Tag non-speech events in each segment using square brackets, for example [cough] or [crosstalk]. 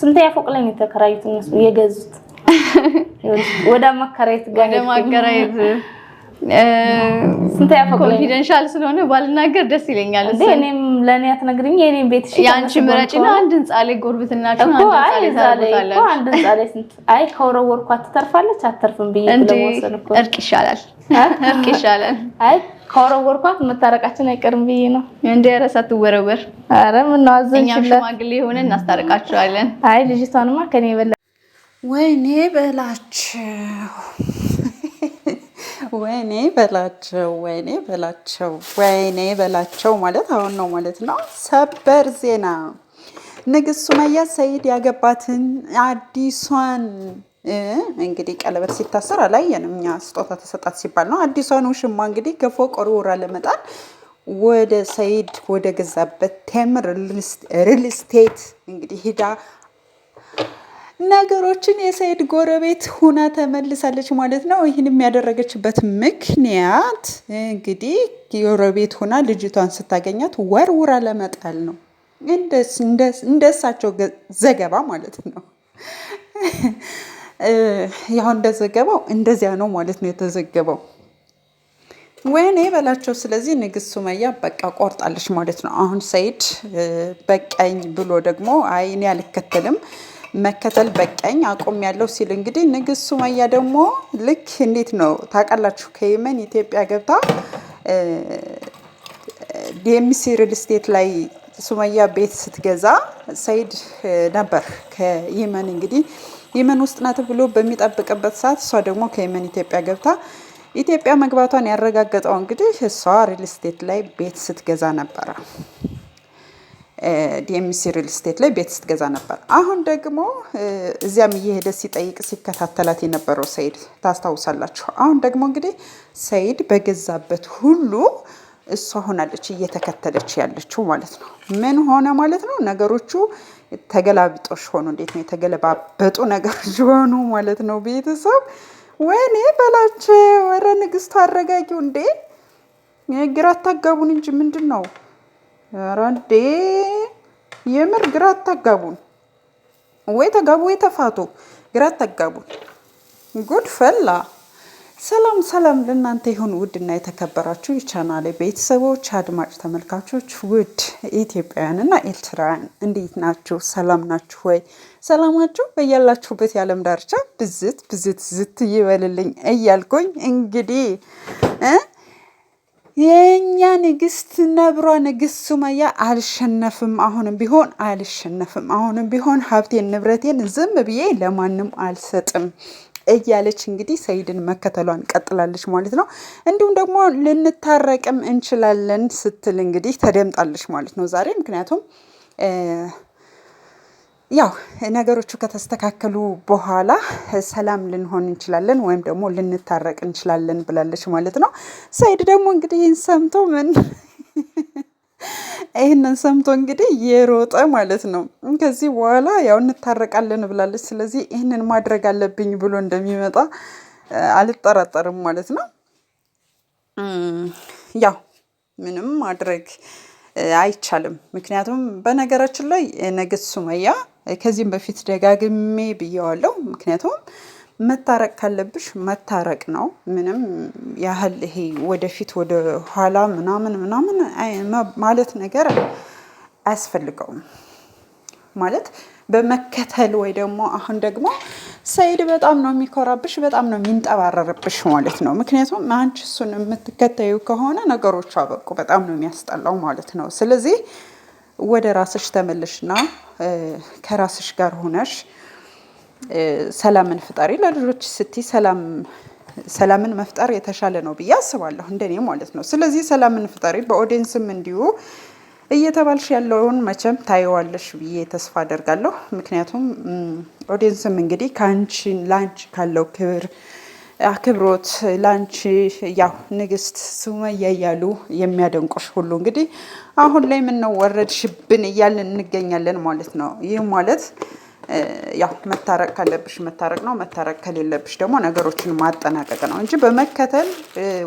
ስንተኛ ፎቅ ላይ ነው የተከራዩት? እነሱ የገዙት [laughs] ወደ ማከራየት ጋር ወደ ማከራየት ስንተኛ ፎቅ ላይ ኮንፊደንሻል ስለሆነ ባልናገር ደስ ይለኛል። እኔም ለእኔ አትነግሪኝ የኔን ቤትሽ የአንቺ ምረጭ ነው። አንድ ህንፃ ላይ ጎርብትናችሁን አንድ ህንፃ ላይ ስንት አይ ከወረወርኳት አትተርፋለች አትተርፍም ብዬ ስለመወሰን እርቅ ይሻላል፣ እርቅ ይሻላል። አይ ከወረወርኳት መታረቃችን አይቀርም ብዬ ነው እንደ ረሳ ትወረወር። ኧረ ምነው አዘንሽለት። እኛም ሽማግሌ የሆነ እናስታርቃችኋለን። አይ ልጅቷንማ ከኔ የበላ ወይኔ በላችሁ ወይኔ በላቸው ወይኔ በላቸው ወይኔ በላቸው ማለት አሁን ነው ማለት ነው። ሰበር ዜና ንግስት ሱመያ ሰይድ ያገባትን አዲሷን እንግዲህ ቀለበት ሲታሰር አላየንም እኛ። ስጦታ ተሰጣት ሲባል ነው። አዲሷን ውሽማ እንግዲህ ከፎቅ ወርውራ ለመጣል ወደ ሰይድ ወደ ገዛበት ቴምር ሪል ስቴት እንግዲህ ሂዳ ነገሮችን የሰኢድ ጎረቤት ሁና ተመልሳለች ማለት ነው። ይህን የሚያደረገችበት ምክንያት እንግዲህ ጎረቤት ሁና ልጅቷን ስታገኛት ወርውራ ለመጣል ነው፣ እንደሳቸው ዘገባ ማለት ነው። [laughs] ያው እንደዘገባው እንደዚያ ነው ማለት ነው የተዘገበው። ወይኔ በላቸው። ስለዚህ ንግስት ሱመያ በቃ ቆርጣለች ማለት ነው። አሁን ሰኢድ በቀኝ ብሎ ደግሞ አይ እኔ አልከተልም መከተል በቀኝ አቁም ያለው ሲል እንግዲህ ንግስት ሱመያ ደግሞ ልክ እንዴት ነው ታውቃላችሁ፣ ከየመን ኢትዮጵያ ገብታ ዲኤምሲ ሪል ስቴት ላይ ሱመያ ቤት ስትገዛ ሰይድ ነበር ከየመን እንግዲህ የመን ውስጥ ናት ብሎ በሚጠብቅበት ሰዓት እሷ ደግሞ ከየመን ኢትዮጵያ ገብታ ኢትዮጵያ መግባቷን ያረጋገጠው እንግዲህ እሷ ሪል ስቴት ላይ ቤት ስትገዛ ነበረ። ዲኤምሲ ሪል ስቴት ላይ ቤት ስትገዛ ነበር። አሁን ደግሞ እዚያም እየሄደ ሲጠይቅ ሲከታተላት የነበረው ሰይድ ታስታውሳላችሁ። አሁን ደግሞ እንግዲህ ሰይድ በገዛበት ሁሉ እሷ ሆናለች እየተከተለች ያለችው ማለት ነው። ምን ሆነ ማለት ነው? ነገሮቹ ተገላብጦሽ ሆኑ። እንዴት ነው የተገለባበጡ ነገሮች ሆኑ ማለት ነው። ቤተሰብ ወይኔ በላቸው። ወረ ንግስቱ አረጋጊው እንዴ! ግራ አታጋቡን እንጂ ምንድን ነው ኧረ የምር ግራ አታጋቡን። ወይ ተጋቡ ወይ ተፋቱ። ግራ አታጋቡን። ጉድ ፈላ። ሰላም ሰላም ለእናንተ ይሁን ውድና የተከበራችሁ የቻናሌ ቤተሰቦች፣ አድማጭ ተመልካቾች፣ ውድ እና ኤርትራውያን እንዴት ናችሁ? ሰላም ናችሁ ወይ? ሰላማችሁ በያላችሁበት የዓለም ዳርቻ ብዝት ብዝት ዝት ይበልልኝ እያልኩኝ እንግዲህ የእኛ ንግስት ነብሯ ንግስት ሱመያ አልሸነፍም፣ አሁንም ቢሆን አልሸነፍም፣ አሁንም ቢሆን ሀብቴን ንብረቴን ዝም ብዬ ለማንም አልሰጥም እያለች እንግዲህ ሰይድን መከተሏን ቀጥላለች ማለት ነው። እንዲሁም ደግሞ ልንታረቅም እንችላለን ስትል እንግዲህ ተደምጣለች ማለት ነው ዛሬ ምክንያቱም ያው ነገሮቹ ከተስተካከሉ በኋላ ሰላም ልንሆን እንችላለን ወይም ደግሞ ልንታረቅ እንችላለን ብላለች ማለት ነው። ሰይድ ደግሞ እንግዲህ ይህን ሰምቶ ምን [laughs] ይህንን ሰምቶ እንግዲህ የሮጠ ማለት ነው። ከዚህ በኋላ ያው እንታረቃለን ብላለች። ስለዚህ ይህንን ማድረግ አለብኝ ብሎ እንደሚመጣ አልጠራጠርም ማለት ነው። ያው ምንም ማድረግ አይቻልም። ምክንያቱም በነገራችን ላይ ነገ ሱመያ ከዚህም በፊት ደጋግሜ ብየዋለሁ። ምክንያቱም መታረቅ ካለብሽ መታረቅ ነው። ምንም ያህል ይሄ ወደፊት ወደ ኋላ ምናምን ምናምን ማለት ነገር አያስፈልገውም። ማለት በመከተል ወይ ደግሞ አሁን ደግሞ ሰይድ በጣም ነው የሚኮራብሽ፣ በጣም ነው የሚንጠባረርብሽ ማለት ነው። ምክንያቱም አንቺ እሱን የምትከተዩ ከሆነ ነገሮቹ አበቁ። በጣም ነው የሚያስጠላው ማለት ነው። ስለዚህ ወደ ራስሽ ተመለሽና ከራስሽ ጋር ሆነሽ ሰላምን ፍጠሪ። ለልጆች ስቲ ሰላምን መፍጠር የተሻለ ነው ብዬ አስባለሁ፣ እንደኔ ማለት ነው። ስለዚህ ሰላምን ፍጠሪ። በኦዲየንስም እንዲሁ እየተባልሽ ያለውን መቼም ታየዋለሽ ብዬ ተስፋ አደርጋለሁ። ምክንያቱም ኦዲየንስም እንግዲህ ከአንቺ ለአንቺ ካለው ክብር አክብሮት ላንቺ ያው ንግስት ሱመያ እያሉ የሚያደንቁሽ ሁሉ እንግዲህ አሁን ላይ የምንወረድ ሽብን እያልን እንገኛለን ማለት ነው። ይህ ማለት ያው መታረቅ ካለብሽ መታረቅ ነው፣ መታረቅ ከሌለብሽ ደግሞ ነገሮችን ማጠናቀቅ ነው እንጂ በመከተል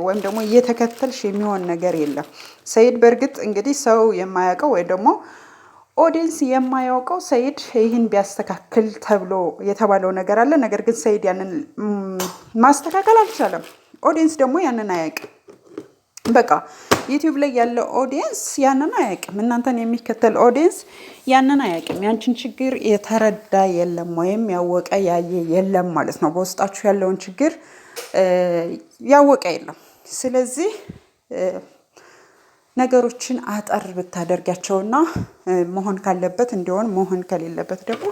ወይም ደግሞ እየተከተልሽ የሚሆን ነገር የለም። ሰይድ በእርግጥ እንግዲህ ሰው የማያውቀው ወይ ደግሞ ኦዲንስ የማያውቀው ሰይድ ይህን ቢያስተካክል ተብሎ የተባለው ነገር አለ። ነገር ግን ሰይድ ያንን ማስተካከል አልቻለም። ኦዲንስ ደግሞ ያንን አያውቅም። በቃ ዩቲዩብ ላይ ያለው ኦዲየንስ ያንን አያውቅም። እናንተን የሚከተል ኦዲየንስ ያንን አያውቅም። ያንችን ችግር የተረዳ የለም ወይም ያወቀ ያየ የለም ማለት ነው። በውስጣችሁ ያለውን ችግር ያወቀ የለም። ስለዚህ ነገሮችን አጠር ብታደርጋቸውና መሆን ካለበት እንዲሆን መሆን ከሌለበት ደግሞ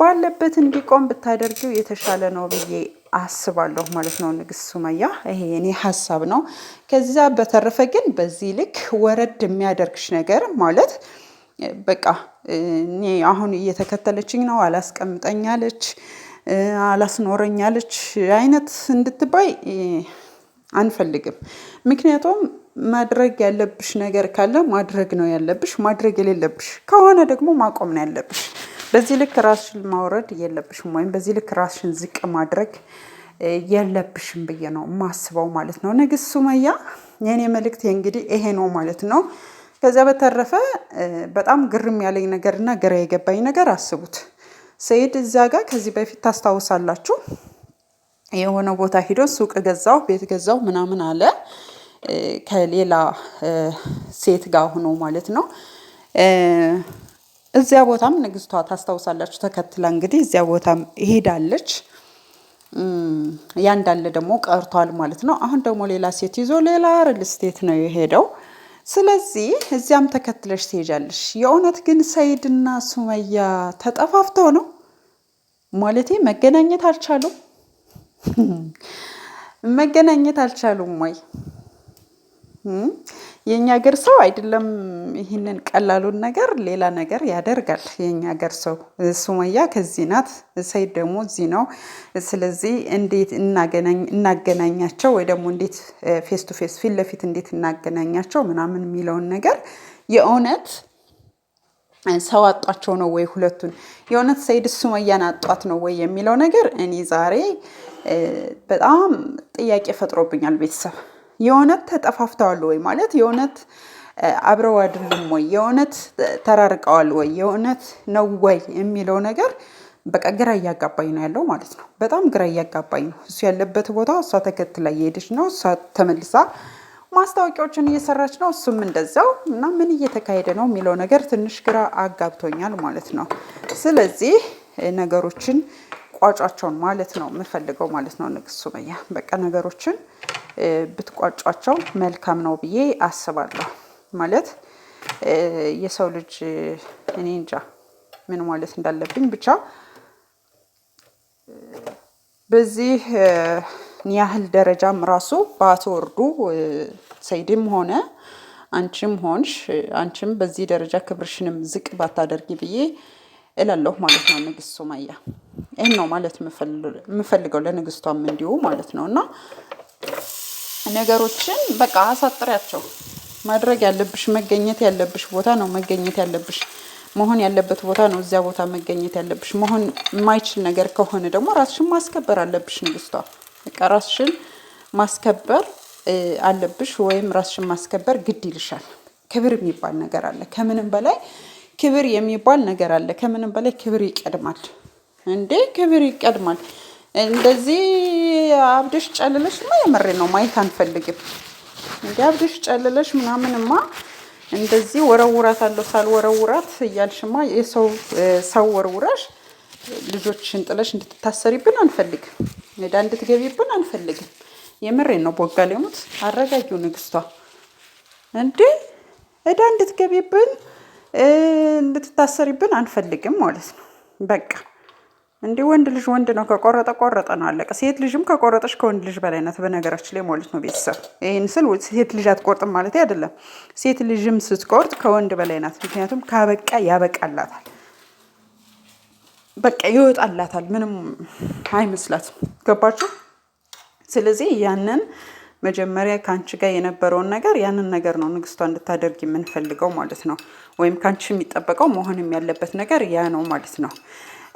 ባለበት እንዲቆም ብታደርጊው የተሻለ ነው ብዬ አስባለሁ ማለት ነው። ንግስት ሱመያ ይሄ የኔ ሀሳብ ነው። ከዚያ በተረፈ ግን በዚህ ልክ ወረድ የሚያደርግሽ ነገር ማለት በቃ እኔ አሁን እየተከተለችኝ ነው አላስቀምጠኛለች አላስኖረኛለች አይነት እንድትባይ አንፈልግም። ምክንያቱም ማድረግ ያለብሽ ነገር ካለ ማድረግ ነው ያለብሽ። ማድረግ የሌለብሽ ከሆነ ደግሞ ማቆም ነው ያለብሽ። በዚህ ልክ ራስሽን ማውረድ የለብሽም፣ ወይም በዚህ ልክ ራስሽን ዝቅ ማድረግ የለብሽም ብዬ ነው ማስበው ማለት ነው። ንግስት ሱመያ የኔ መልእክት እንግዲህ ይሄ ነው ማለት ነው። ከዚያ በተረፈ በጣም ግርም ያለኝ ነገር እና ግራ የገባኝ ነገር አስቡት። ሰይድ እዚያ ጋር ከዚህ በፊት ታስታውሳላችሁ የሆነ ቦታ ሂዶ ሱቅ ገዛው ቤት ገዛው ምናምን አለ ከሌላ ሴት ጋር ሆኖ ማለት ነው። እዚያ ቦታም ንግስቷ ታስታውሳላችሁ ተከትላ እንግዲህ እዚያ ቦታም ሄዳለች። ያ እንዳለ ደግሞ ቀርቷል ማለት ነው። አሁን ደግሞ ሌላ ሴት ይዞ ሌላ ሪል ስቴት ነው የሄደው። ስለዚህ እዚያም ተከትለሽ ትሄጃለሽ። የእውነት ግን ሰይድና ሱመያ ተጠፋፍተው ነው ማለቴ መገናኘት አልቻሉም። መገናኘት አልቻሉም ወይ? የእኛ ሀገር ሰው አይደለም ይህንን ቀላሉን ነገር ሌላ ነገር ያደርጋል። የእኛ ሀገር ሰው ሱመያ ከዚህ ናት፣ ሰይድ ደግሞ እዚህ ነው። ስለዚህ እንዴት እናገናኛቸው ወይ ደግሞ እንዴት ፌስ ቱ ፌስ ፊት ለፊት እንዴት እናገናኛቸው ምናምን የሚለውን ነገር የእውነት ሰው አጧቸው ነው ወይ ሁለቱን የእውነት ሰይድ ሱመያን አጧት ነው ወይ የሚለው ነገር እኔ ዛሬ በጣም ጥያቄ ፈጥሮብኛል ቤተሰብ የእውነት ተጠፋፍተዋል ወይ ማለት የእውነት አብረው አይደሉም ወይ የእውነት ተራርቀዋል ወይ የእውነት ነው ወይ የሚለው ነገር በቃ ግራ እያጋባኝ ነው ያለው ማለት ነው። በጣም ግራ እያጋባኝ ነው። እሱ ያለበት ቦታ እሷ ተከትላ እየሄደች ነው። እሷ ተመልሳ ማስታወቂያዎችን እየሰራች ነው፣ እሱም እንደዛው እና ምን እየተካሄደ ነው የሚለው ነገር ትንሽ ግራ አጋብቶኛል ማለት ነው። ስለዚህ ነገሮችን ቋጫቸውን ማለት ነው የምፈልገው ማለት ነው ንግስት ሱመያ በቃ ነገሮችን ብትቋጯቸው መልካም ነው ብዬ አስባለሁ። ማለት የሰው ልጅ እኔ እንጃ ምን ማለት እንዳለብኝ ብቻ በዚህ ያህል ደረጃም ራሱ ባትወርዱ ሰይድም ሆነ አንቺም ሆንሽ አንቺም በዚህ ደረጃ ክብርሽንም ዝቅ ባታደርጊ ብዬ እላለሁ ማለት ነው። ንግስት ሱመያ ይህን ነው ማለት የምፈልገው ለንግስቷም እንዲሁ ማለት ነው እና ነገሮችን በቃ አሳጥሪያቸው። ማድረግ ያለብሽ መገኘት ያለብሽ ቦታ ነው መገኘት ያለብሽ መሆን ያለበት ቦታ ነው እዚያ ቦታ መገኘት ያለብሽ። መሆን የማይችል ነገር ከሆነ ደግሞ ራስሽን ማስከበር አለብሽ ንግስቷ። በቃ ራስሽን ማስከበር አለብሽ ወይም ራስሽን ማስከበር ግድ ይልሻል። ክብር የሚባል ነገር አለ። ከምንም በላይ ክብር የሚባል ነገር አለ። ከምንም በላይ ክብር ይቀድማል እንዴ! ክብር ይቀድማል። እንደዚህ አብደሽ ጨልለሽማ የመሬ ነው ማየት አንፈልግም። እንደ አብደሽ ጨልለሽ ምናምንማ እንደዚህ ወረውራት አለው ሳልወረውራት እያልሽማ የሰው ሰው ወርውራሽ ልጆችን ጥለሽ እንድትታሰሪብን አንፈልግም። ሜዳ እንድትገቢብን አንፈልግም። የምሬ ነው። ቦጋሌ ሙት አረጋጊው ንግስቷ እንዴ እዳ እንድትገቢብን እንድትታሰሪብን አንፈልግም ማለት ነው በቃ እንዲህ ወንድ ልጅ ወንድ ነው፣ ከቆረጠ ቆረጠ ነው፣ አለቀ። ሴት ልጅም ከቆረጠች ከወንድ ልጅ በላይ ናት፣ በነገራችን ላይ ማለት ነው ቤተሰብ። ይህን ስል ሴት ልጅ አትቆርጥም ማለት አይደለም። ሴት ልጅም ስትቆርጥ ከወንድ በላይ ናት። ምክንያቱም ካበቃ ያበቃላታል፣ በቃ ይወጣላታል፣ ምንም አይመስላትም። ገባችሁ? ስለዚህ ያንን መጀመሪያ ከአንቺ ጋር የነበረውን ነገር ያንን ነገር ነው ንግስቷ እንድታደርግ የምንፈልገው ማለት ነው። ወይም ከአንቺ የሚጠበቀው መሆንም ያለበት ነገር ያ ነው ማለት ነው።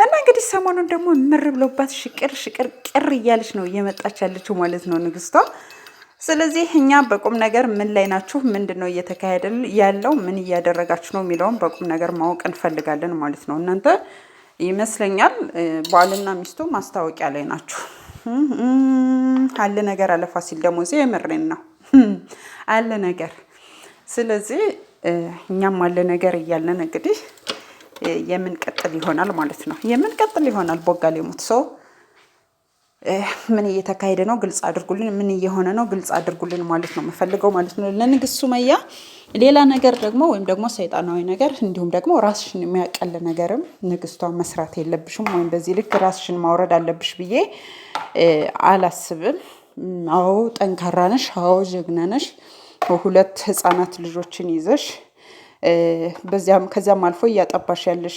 እና እንግዲህ ሰሞኑን ደግሞ ምር ብሎባት ሽቅር ሽቅር ቅር እያለች ነው እየመጣች ያለችው ማለት ነው ንግስቷ። ስለዚህ እኛ በቁም ነገር ምን ላይ ናችሁ፣ ምንድን ነው እየተካሄደ ያለው፣ ምን እያደረጋችሁ ነው የሚለውን በቁም ነገር ማወቅ እንፈልጋለን ማለት ነው። እናንተ ይመስለኛል ባልና ሚስቱ ማስታወቂያ ላይ ናችሁ። አለ ነገር አለፋ ሲል ደግሞ እዚህ የምሬን ነው አለ ነገር። ስለዚህ እኛም አለ ነገር እያለን እንግዲህ የምንቀጥል ይሆናል ማለት ነው። የምንቀጥል ይሆናል። ቦጋሌ ሙት ሰው ምን እየተካሄደ ነው ግልጽ አድርጉልን፣ ምን እየሆነ ነው ግልጽ አድርጉልን ማለት ነው የምፈልገው ማለት ነው። ለንግስት ሱመያ ሌላ ነገር ደግሞ ወይም ደግሞ ሰይጣናዊ ነገር እንዲሁም ደግሞ ራስሽን የሚያቀል ነገርም ንግስቷ መስራት የለብሽም ወይም በዚህ ልክ ራስሽን ማውረድ አለብሽ ብዬ አላስብም። አዎ ጠንካራ ነሽ፣ አዎ ጀግና ነሽ። ሁለት ህፃናት ልጆችን ይዘሽ በዚያም ከዚያም አልፎ እያጠባሽ ያለሽ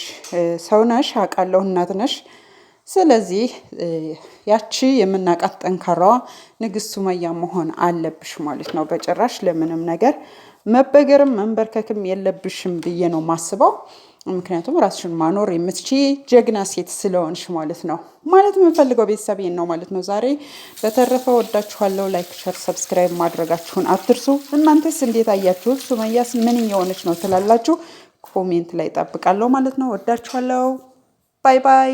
ሰው ነሽ አውቃለሁ፣ እናት ነሽ። ስለዚህ ያቺ የምናቃት ጠንካራዋ ንግስት ሱመያ መሆን አለብሽ ማለት ነው። በጭራሽ ለምንም ነገር መበገርም መንበርከክም የለብሽም ብዬ ነው ማስበው። ምክንያቱም ራስሽን ማኖር የምትች ጀግና ሴት ስለሆንሽ ማለት ነው። ማለት የምንፈልገው ቤተሰብ ነው ማለት ነው ዛሬ። በተረፈ ወዳችኋለሁ። ላይክ፣ ሸር፣ ሰብስክራይብ ማድረጋችሁን አትርሱ። እናንተስ እንዴት አያችሁት? ሱመያስ ምን እየሆነች ነው ትላላችሁ? ኮሜንት ላይ ጠብቃለሁ ማለት ነው። ወዳችኋለሁ። ባይ ባይ።